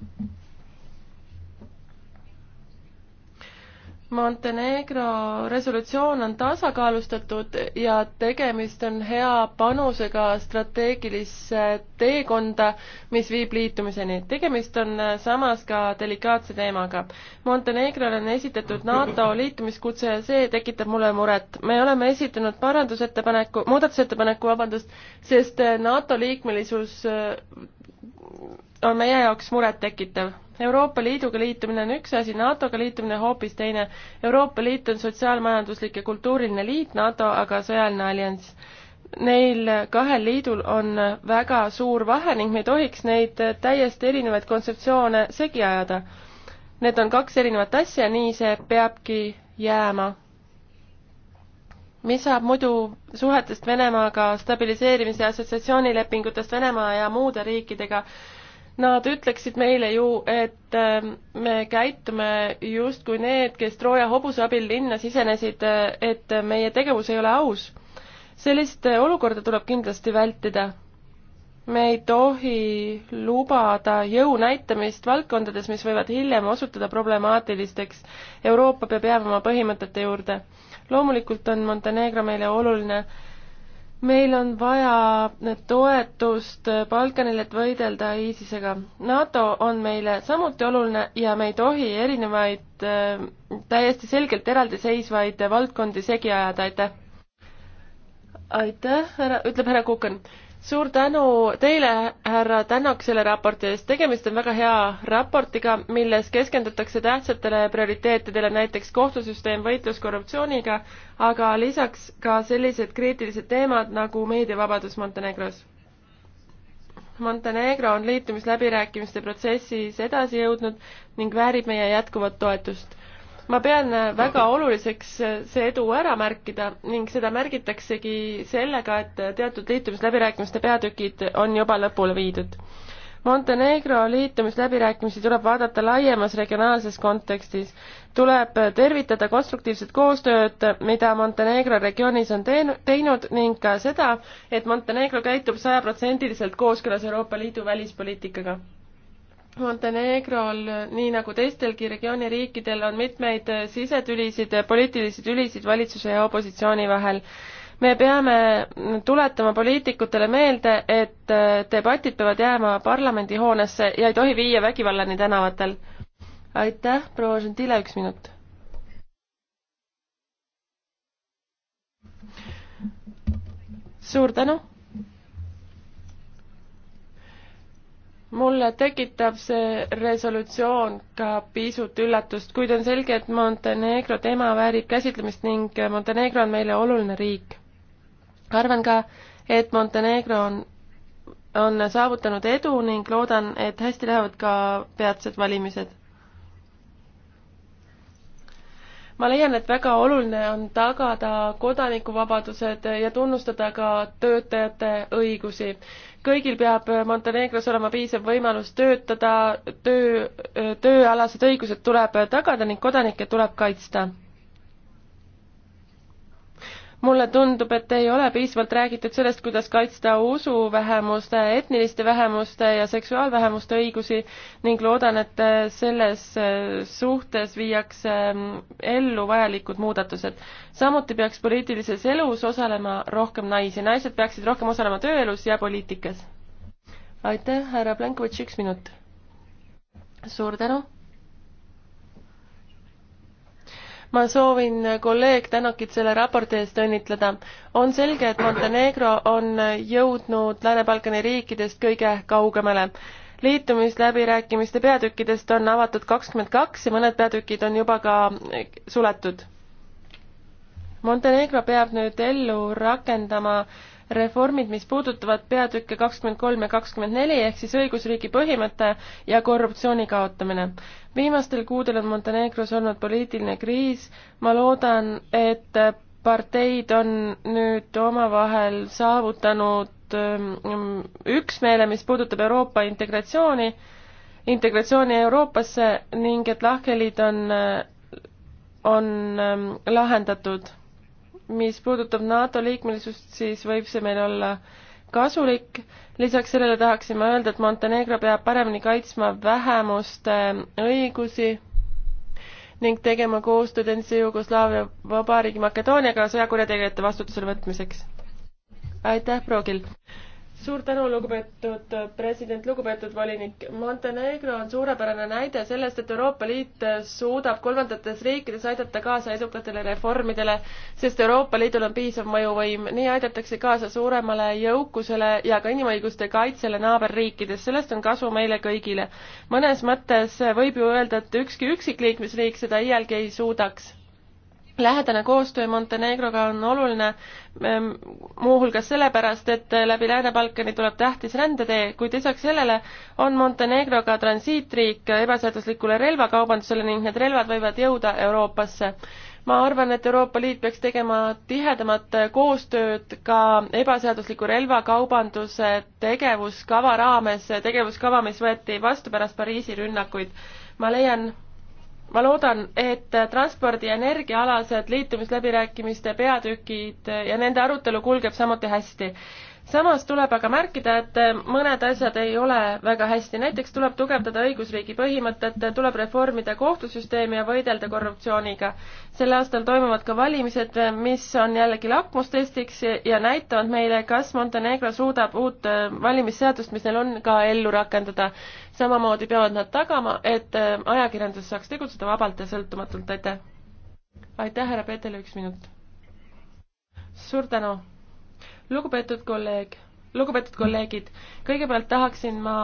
Montenegro resolutsioon on tasakaalustatud ja tegemist on hea panusega strateegilisse teekonda, mis viib liitumiseni. tegemist on äh, samas ka delikaatse teemaga. Montenegrole on esitatud NATO liitumiskutse ja see tekitab mulle muret. me oleme esitanud parandusettepaneku, muudatusettepaneku, vabandust, sest äh, NATO liikmelisus äh, on meie jaoks murettekitav Euroopa Liiduga liitumine on üks asi, NATO-ga liitumine hoopis teine. Euroopa Liit on sotsiaalmajanduslik ja kultuuriline liit, NATO aga sõjaline allianss. Neil kahel liidul on väga suur vahe ning me ei tohiks neid täiesti erinevaid kontseptsioone segi ajada. Need on kaks erinevat asja, nii see peabki jääma mis saab muidu suhetest Venemaaga, stabiliseerimise assotsiatsioonilepingutest Venemaa ja muude riikidega, Nad ütleksid meile ju, et ähm, me käitume justkui need, kes Trooja hobuse abil linna sisenesid, äh, et meie tegevus ei ole aus. sellist äh, olukorda tuleb kindlasti vältida. me ei tohi lubada jõu näitamist valdkondades, mis võivad hiljem osutuda problemaatilisteks. Euroopa peab jääma oma põhimõtete juurde. loomulikult on Montenegro meile oluline meil on vaja toetust Balkanil, et võidelda ISISega. NATO on meile samuti oluline ja me ei tohi erinevaid äh, täiesti selgelt eraldiseisvaid valdkondi segi ajada, aitäh! aitäh, härra, ütleb härra Kuken. suur tänu teile, härra Tänak, selle raporti eest. tegemist on väga hea raportiga, milles keskendutakse tähtsatele prioriteetidele, näiteks kohtusüsteem, võitlus korruptsiooniga, aga lisaks ka sellised kriitilised teemad nagu meediavabadus Montenegros. Montenegro on liitumisläbirääkimiste protsessis edasi jõudnud ning väärib meie jätkuvat toetust ma pean väga oluliseks see edu ära märkida ning seda märgitaksegi sellega, et teatud liitumisläbirääkimiste peatükid on juba lõpule viidud. Montenegro liitumisläbirääkimisi tuleb vaadata laiemas regionaalses kontekstis. tuleb tervitada konstruktiivset koostööd, mida Montenegro regioonis on teen-, teinud ning ka seda, et Montenegro käitub sajaprotsendiliselt kooskõlas Euroopa Liidu välispoliitikaga Montenegrol, nii nagu teistelgi regiooni riikidel, on mitmeid äh, sisetülisid, äh, poliitilisi tülisid valitsuse ja opositsiooni vahel. me peame mm, tuletama poliitikutele meelde, et äh, debatid peavad jääma parlamendihoonesse ja ei tohi viia vägivallani tänavatel. aitäh, proua Gentile, üks minut. suur tänu mulle tekitab see resolutsioon ka pisut üllatust, kuid on selge, et Montenegro teema väärib käsitlemist ning Montenegro on meile oluline riik. arvan ka, et Montenegro on, on saavutanud edu ning loodan, et hästi lähevad ka peatsed valimised. ma leian, et väga oluline on tagada kodanikuvabadused ja tunnustada ka töötajate õigusi. kõigil peab Montenegros olema piisav võimalus töötada, töö, tööalased õigused tuleb tagada ning kodanikke tuleb kaitsta mulle tundub, et ei ole piisavalt räägitud sellest, kuidas kaitsta usuvähemuste, etniliste vähemuste ja seksuaalvähemuste õigusi ning loodan, et selles suhtes viiakse ellu vajalikud muudatused. samuti peaks poliitilises elus osalema rohkem naisi, naised peaksid rohkem osalema tööelus ja poliitikas. aitäh, härra Plenkovitš, üks minut. suur tänu ma soovin kolleeg Tänakit selle raporti eest õnnitleda. on selge, et Montenegro on jõudnud Lääne-Balkani riikidest kõige kaugemale. liitumisläbirääkimiste peatükkidest on avatud kakskümmend kaks ja mõned peatükid on juba ka suletud. Montenegro peab nüüd ellu rakendama reformid, mis puudutavad peatükke kakskümmend kolm ja kakskümmend neli ehk siis õigusriigi põhimõte ja korruptsiooni kaotamine. viimastel kuudel on Montenegros olnud poliitiline kriis, ma loodan, et parteid on nüüd omavahel saavutanud ähm, üksmeele, mis puudutab Euroopa integratsiooni, integratsiooni Euroopasse ning et lahkhelid on, äh, on ähm, lahendatud mis puudutab NATO liikmelisust, siis võib see meil olla kasulik. lisaks sellele tahaksime öelda, et Montenegro peab paremini kaitsma vähemuste õigusi ning tegema koostööd endise Jugoslaavia Vabariigi Makedooniaga sõjakurjategijate vastutusele võtmiseks. aitäh, Proogil! suur tänu, lugupeetud president, lugupeetud volinik. Montenegro on suurepärane näide sellest, et Euroopa Liit suudab kolmandates riikides aidata kaasa edukatele reformidele, sest Euroopa Liidul on piisav mõjuvõim. nii aidatakse kaasa suuremale jõukusele ja ka inimõiguste kaitsele naaberriikides. sellest on kasu meile kõigile. mõnes mõttes võib ju öelda, et ükski üksik liikmesriik seda iialgi ei suudaks lähedane koostöö Montenegroga on oluline ehm, muuhulgas sellepärast, et läbi Lääne-Balkani tuleb tähtis rändetee, kuid lisaks sellele on Montenegro ka transiitriik ebaseaduslikule relvakaubandusele ning need relvad võivad jõuda Euroopasse. ma arvan, et Euroopa Liit peaks tegema tihedamat koostööd ka ebaseadusliku relvakaubanduse tegevuskava raames, tegevuskava, mis võeti vastu pärast Pariisi rünnakuid. ma leian, ma loodan, et transpordi ja energiaalased liitumisläbirääkimiste peatükid ja nende arutelu kulgeb samuti hästi samas tuleb aga märkida, et mõned asjad ei ole väga hästi, näiteks tuleb tugevdada õigusriigi põhimõtet, tuleb reformida kohtusüsteemi ja võidelda korruptsiooniga. sel aastal toimuvad ka valimised, mis on jällegi lakmustestiks ja näitavad meile, kas Montenegro suudab uut valimisseadust, mis neil on, ka ellu rakendada. samamoodi peavad nad tagama, et ajakirjandus saaks tegutseda vabalt ja sõltumatult, aitäh! aitäh, härra Peeter, üks minut! suur tänu! lugupeetud kolleeg, lugupeetud kolleegid, kõigepealt tahaksin ma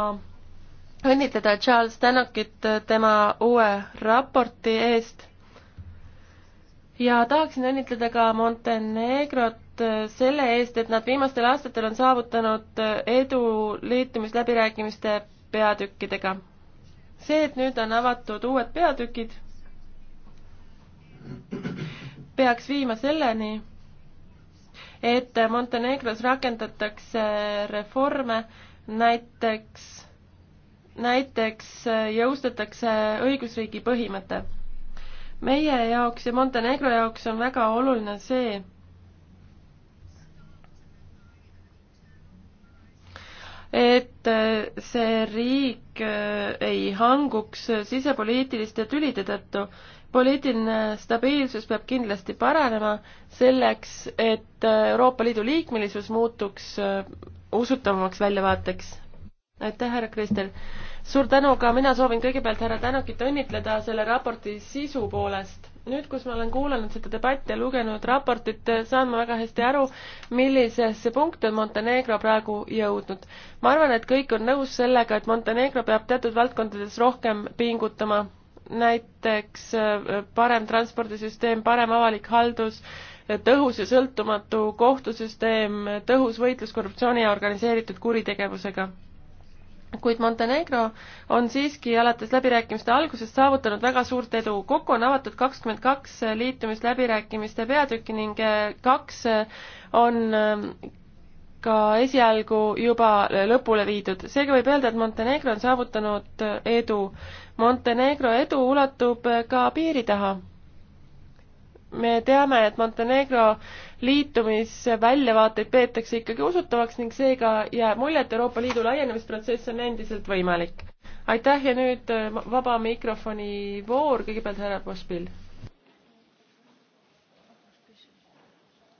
õnnitleda Charles Tannockit tema uue raporti eest ja tahaksin õnnitleda ka Montenegrot selle eest, et nad viimastel aastatel on saavutanud edu liitumisläbirääkimiste peatükkidega. see, et nüüd on avatud uued peatükid, peaks viima selleni, et Montenegros rakendatakse reforme, näiteks, näiteks jõustatakse õigusriigi põhimõte. meie jaoks ja Montenegro jaoks on väga oluline see, et see riik ei hanguks sisepoliitiliste tülide tõttu poliitiline stabiilsus peab kindlasti paranema selleks, et äh, Euroopa Liidu liikmelisus muutuks äh, usutavamaks väljavaateks. aitäh, härra Kristel! suur tänu ka, mina soovin kõigepealt härra Tänakit õnnitleda selle raporti sisu poolest. nüüd, kus ma olen kuulanud seda debatti ja lugenud raportit, äh, saan ma väga hästi aru, millisesse punkti on Montenegro praegu jõudnud. ma arvan, et kõik on nõus sellega, et Montenegro peab teatud valdkondades rohkem pingutama näiteks äh, parem transpordisüsteem, parem avalik haldus, tõhus ja sõltumatu kohtusüsteem, tõhus võitlus korruptsiooni ja organiseeritud kuritegevusega. kuid Montenegro on siiski alates läbirääkimiste algusest saavutanud väga suurt edu. kokku on avatud kakskümmend kaks liitumisläbirääkimiste peatükki ning äh, kaks äh, on ka esialgu juba lõpule viidud. seega võib öelda, et Montenegro on saavutanud edu. Montenegro edu ulatub ka piiri taha. me teame, et Montenegro liitumisväljavaateid peetakse ikkagi usutavaks ning seega jääb mulje, et Euroopa Liidu laienemisprotsess on endiselt võimalik. aitäh ja nüüd vaba mikrofoni voor, kõigepealt härra Pospil.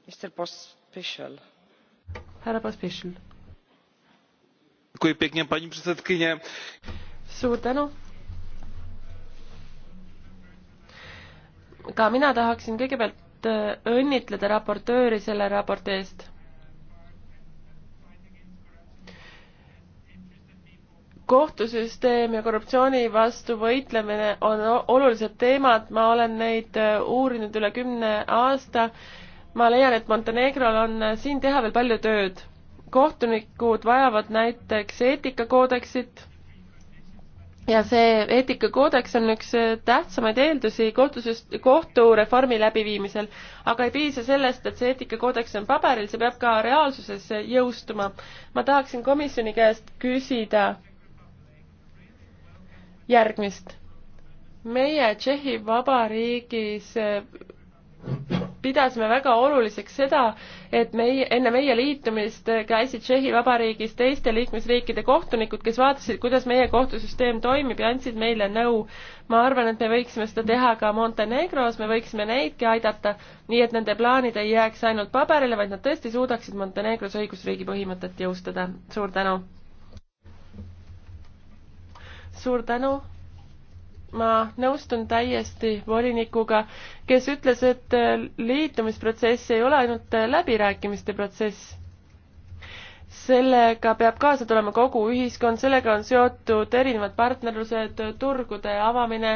Mr Pospisil härra Pospišil. suur tänu. ka mina tahaksin kõigepealt äh, õnnitleda raportööri selle raporti eest kohtusüsteem ja korruptsiooni vastu võitlemine on olulised teemad, ma olen neid äh, uurinud üle kümne aasta ma leian, et Montenegrol on äh, siin teha veel palju tööd. kohtunikud vajavad näiteks eetikakoodeksit ja see eetikakoodeks on üks äh, tähtsamaid eeldusi kohtusüst-, kohtureformi läbiviimisel. aga ei piisa sellest, et see eetikakoodeks on paberil, see peab ka reaalsuses äh, jõustuma. ma tahaksin komisjoni käest küsida järgmist. meie Tšehhi Vabariigis pidasime väga oluliseks seda, et meie, enne meie liitumist käisid Tšehhi Vabariigis teiste liikmesriikide kohtunikud, kes vaatasid, kuidas meie kohtusüsteem toimib ja andsid meile nõu. ma arvan, et me võiksime seda teha ka Montenegros, me võiksime neidki aidata, nii et nende plaanid ei jääks ainult paberile, vaid nad tõesti suudaksid Montenegros õigusriigi põhimõtet jõustada. suur tänu! suur tänu! ma nõustun täiesti volinikuga, kes ütles, et liitumisprotsess ei ole ainult läbirääkimiste protsess sellega peab kaasa tulema kogu ühiskond, sellega on seotud erinevad partnerlused, turgude avamine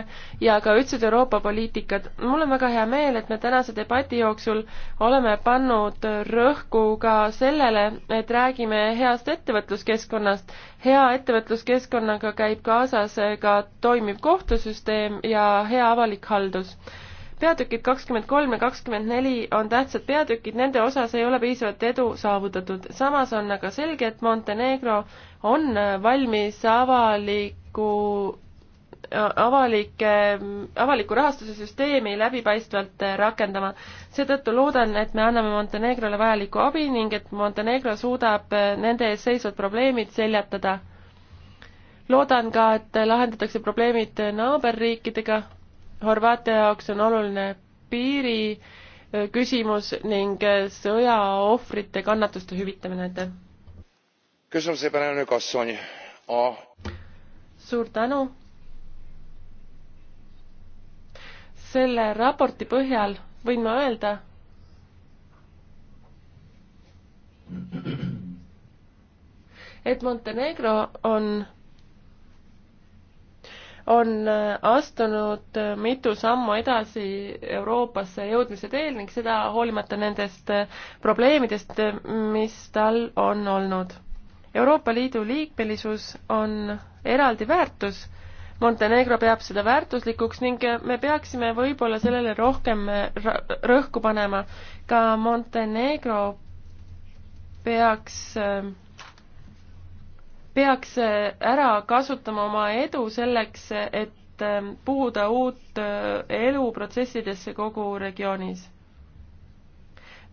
ja ka ühtsed Euroopa poliitikad. mul on väga hea meel, et me tänase debati jooksul oleme pannud rõhku ka sellele, et räägime heast ettevõtluskeskkonnast. hea ettevõtluskeskkonnaga käib kaasas ka toimiv kohtusüsteem ja hea avalik haldus peatükid kakskümmend kolm ja kakskümmend neli on tähtsad peatükid, nende osas ei ole piisavat edu saavutatud. samas on aga selge, et Montenegro on valmis avaliku, avalike, avaliku rahastuse süsteemi läbipaistvalt rakendama. seetõttu loodan, et me anname Montenegrole vajalikku abi ning et Montenegro suudab nende ees seisvad probleemid seljatada. loodan ka, et lahendatakse probleemid naaberriikidega Horvaatia jaoks on oluline piiri äh, küsimus ning äh, sõjaohvrite kannatuste hüvitamine, aitäh! suur tänu! selle raporti põhjal võin ma öelda, et Montenegro on on äh, astunud äh, mitu sammu edasi Euroopasse jõudmise teel ning seda hoolimata nendest äh, probleemidest, mis tal on olnud. Euroopa Liidu liikmelisus on eraldi väärtus, Montenegro peab seda väärtuslikuks ning me peaksime võib-olla sellele rohkem rõhku panema. ka Montenegro peaks äh, peaks äh, ära kasutama oma edu selleks, et ähm, puhuda uut äh, elu protsessidesse kogu regioonis.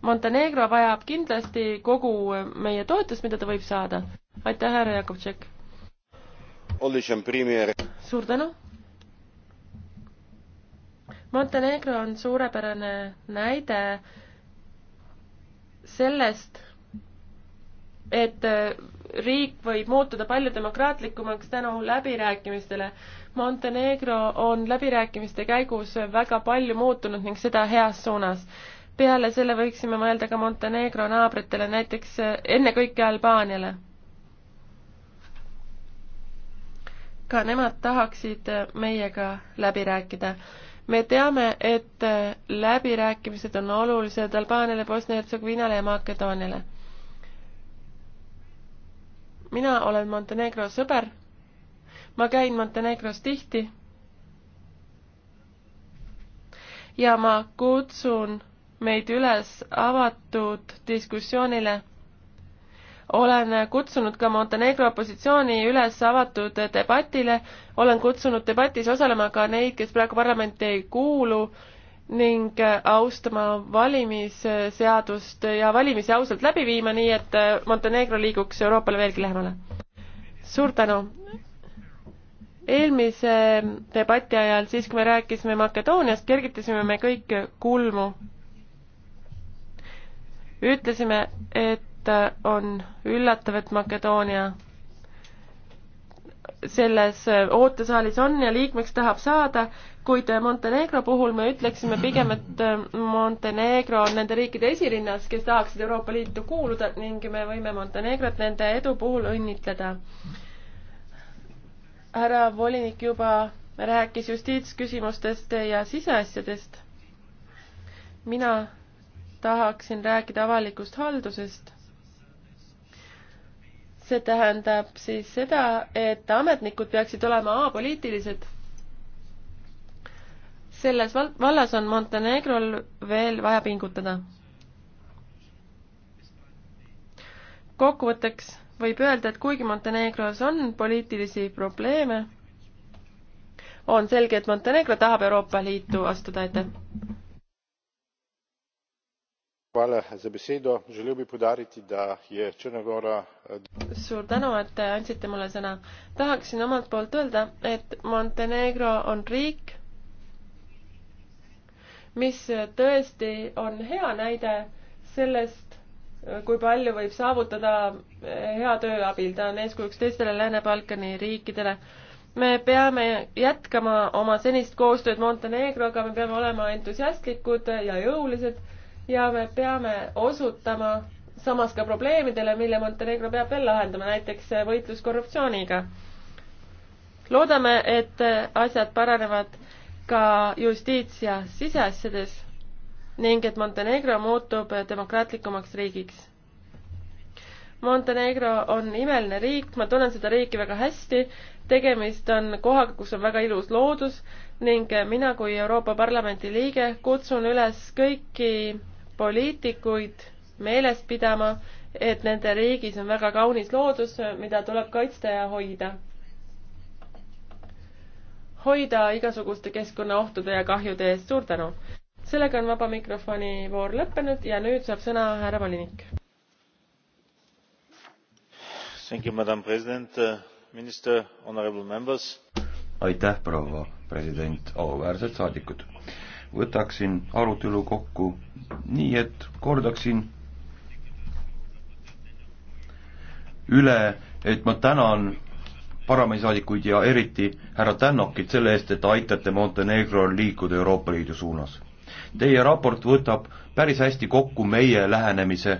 Montenegro vajab kindlasti kogu äh, meie toetust, mida ta võib saada. aitäh, härra Jakobtšek! suur tänu! Montenegro on suurepärane näide sellest, et riik võib muutuda palju demokraatlikumaks tänu läbirääkimistele. Montenegro on läbirääkimiste käigus väga palju muutunud ning seda heas suunas. peale selle võiksime mõelda ka Montenegro naabritele, näiteks eh, ennekõike Albaaniale. ka nemad tahaksid eh, meiega läbi rääkida me teame, et eh, läbirääkimised on olulised Albaaniale, Bosnia-Hertsegoviinale ja Makedooniale mina olen Montenegro sõber. ma käin Montenegros tihti. ja ma kutsun meid üles avatud diskussioonile. olen kutsunud ka Montenegro opositsiooni üles avatud debatile, olen kutsunud debatis osalema ka neid, kes praegu parlamenti ei kuulu ning äh, austama valimisseadust ja valimisi ausalt läbi viima, nii et äh, Montenegro liiguks Euroopale veelgi lähemale. suur tänu! eelmise debati ajal, siis kui me rääkisime Makedooniast, kergitasime me kõik kulmu. ütlesime, et äh, on üllatav, et Makedoonia selles äh, ootesaalis on ja liikmeks tahab saada, kuid äh, Montenegro puhul me ütleksime pigem, et äh, Montenegro on nende riikide esirinnas, kes tahaksid Euroopa Liitu kuuluda ning me võime Montenegrot nende edu puhul õnnitleda. härra volinik juba rääkis justiitsküsimustest ja siseasjadest. mina tahaksin rääkida avalikust haldusest see tähendab siis seda, et ametnikud peaksid olema apoliitilised. selles val-, vallas on Montenegrol veel vaja pingutada. kokkuvõtteks võib öelda, et kuigi Montenegros on poliitilisi probleeme, on selge, et Montenegro tahab Euroopa Liitu astuda, aitäh! želel bi poudariti da je črna gora. Eh, suur tänu et te andsite mulle sõna tahaksin omalt poolt öelda et montenegro on riik mis tõesti on hea näide sellest kui palju võib saavutada eh, hea töö abil ta on eeskujuks teistele lääne balkani riikidele me peame jätkama oma senist koostööd montenegroga me peame olema entusiastlikud ja jõulised ja me peame osutama samas ka probleemidele, mille Montenegro peab veel lahendama, näiteks võitlus korruptsiooniga. loodame, et asjad paranevad ka justiits- ja siseasjades ning et Montenegro muutub demokraatlikumaks riigiks. Montenegro on imeline riik, ma tunnen seda riiki väga hästi, tegemist on kohaga, kus on väga ilus loodus ning mina kui Euroopa Parlamendi liige kutsun üles kõiki poliitikuid meeles pidama, et nende riigis on väga kaunis loodus, mida tuleb kaitsta ja hoida. hoida igasuguste keskkonnaohtude ja kahjude eest, suur tänu! sellega on vaba mikrofoni voor lõppenud ja nüüd saab sõna härra volinik. Uh, aitäh, proua president, auväärsed saadikud! võtaksin arutelu kokku nii, et kordaksin üle, et ma tänan parlamendisaadikuid ja eriti härra Tännokit selle eest, et aitate Montenegrol liikuda Euroopa Liidu suunas. Teie raport võtab päris hästi kokku meie lähenemise,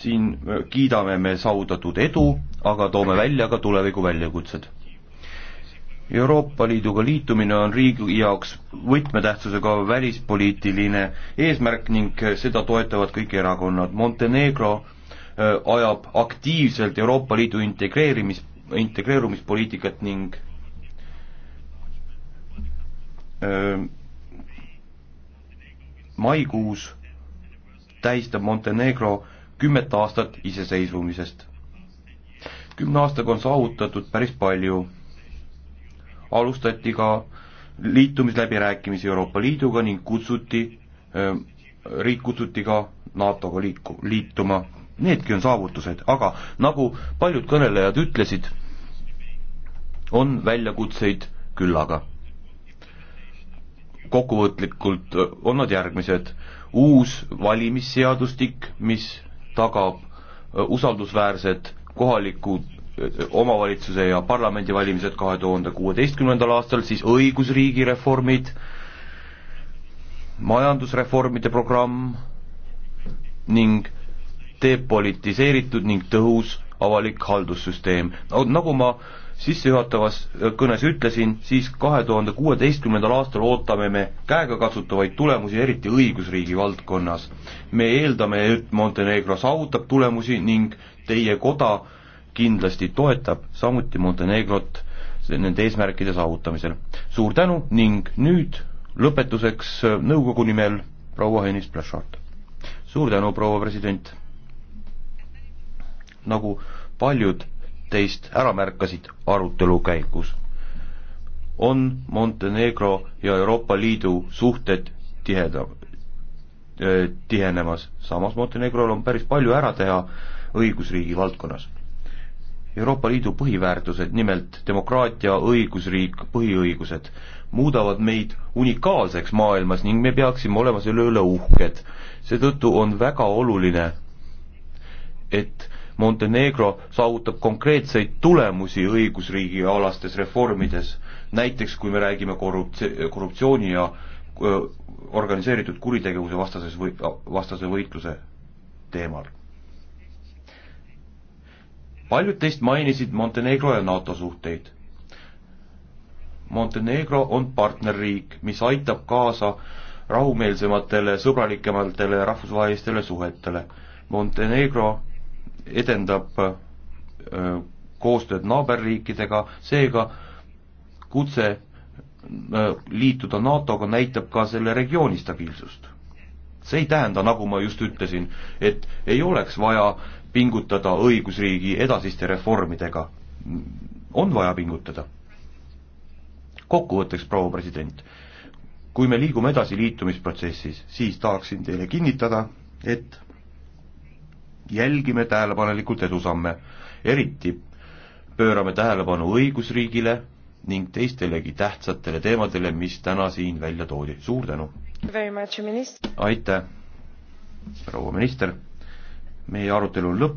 siin kiidame me saavutatud edu, aga toome välja ka tuleviku väljakutsed Euroopa Liiduga liitumine on riigi jaoks võtmetähtsusega välispoliitiline eesmärk ning seda toetavad kõik erakonnad. Montenegro äh, ajab aktiivselt Euroopa Liidu integreerimis, integreerumispoliitikat ning öö, äh, maikuus tähistab Montenegro kümmet aastat iseseisvumisest. kümne aastaga on saavutatud päris palju alustati ka liitumisläbirääkimisi Euroopa Liiduga ning kutsuti, ähm, riik kutsuti ka NATO-ga liiku-, liituma. Needki on saavutused, aga nagu paljud kõnelejad ütlesid, on väljakutseid küllaga. kokkuvõtlikult äh, on nad järgmised, uus valimisseadustik, mis tagab äh, usaldusväärsed kohalikud omavalitsuse ja parlamendivalimised kahe tuhande kuueteistkümnendal aastal, siis õigusriigi reformid, majandusreformide programm ning depolitiseeritud ning tõhus avalik haldussüsteem. nagu ma sissejuhatavas kõnes ütlesin, siis kahe tuhande kuueteistkümnendal aastal ootame me käegakatsutavaid tulemusi, eriti õigusriigi valdkonnas. me eeldame, et Montenegro saavutab tulemusi ning teie koda kindlasti toetab samuti Montenegrot nende eesmärkide saavutamisel. suur tänu ning nüüd lõpetuseks nõukogu nimel proua Hennis Plashart. suur tänu, proua president. nagu paljud teist ära märkasid arutelu käigus, on Montenegro ja Euroopa Liidu suhted tiheda, eh, tihenemas, samas Montenegrol on päris palju ära teha õigusriigi valdkonnas Euroopa Liidu põhiväärtused, nimelt demokraatia, õigusriik, põhiõigused, muudavad meid unikaalseks maailmas ning me peaksime olema selle üle uhked. seetõttu on väga oluline, et Montenegro saavutab konkreetseid tulemusi õigusriigi alastes reformides, näiteks kui me räägime korruptsi-, korruptsiooni ja organiseeritud kuritegevuse vastases või-, vastase võitluse teemal paljud teist mainisid Montenegro ja NATO suhteid. Montenegro on partnerriik, mis aitab kaasa rahumeelsematele, sõbralikematele rahvusvahelistele suhetele. Montenegro edendab öö, koostööd naaberriikidega, seega kutse liituda NATO-ga näitab ka selle regiooni stabiilsust. see ei tähenda, nagu ma just ütlesin, et ei oleks vaja pingutada õigusriigi edasiste reformidega. on vaja pingutada. kokkuvõtteks, proua president, kui me liigume edasi liitumisprotsessis, siis tahaksin teile kinnitada, et jälgime tähelepanelikult edusamme, eriti pöörame tähelepanu õigusriigile ning teistelegi tähtsatele teemadele, mis täna siin välja toodi. suur tänu! aitäh, proua minister! meie arutelu on lõppenud.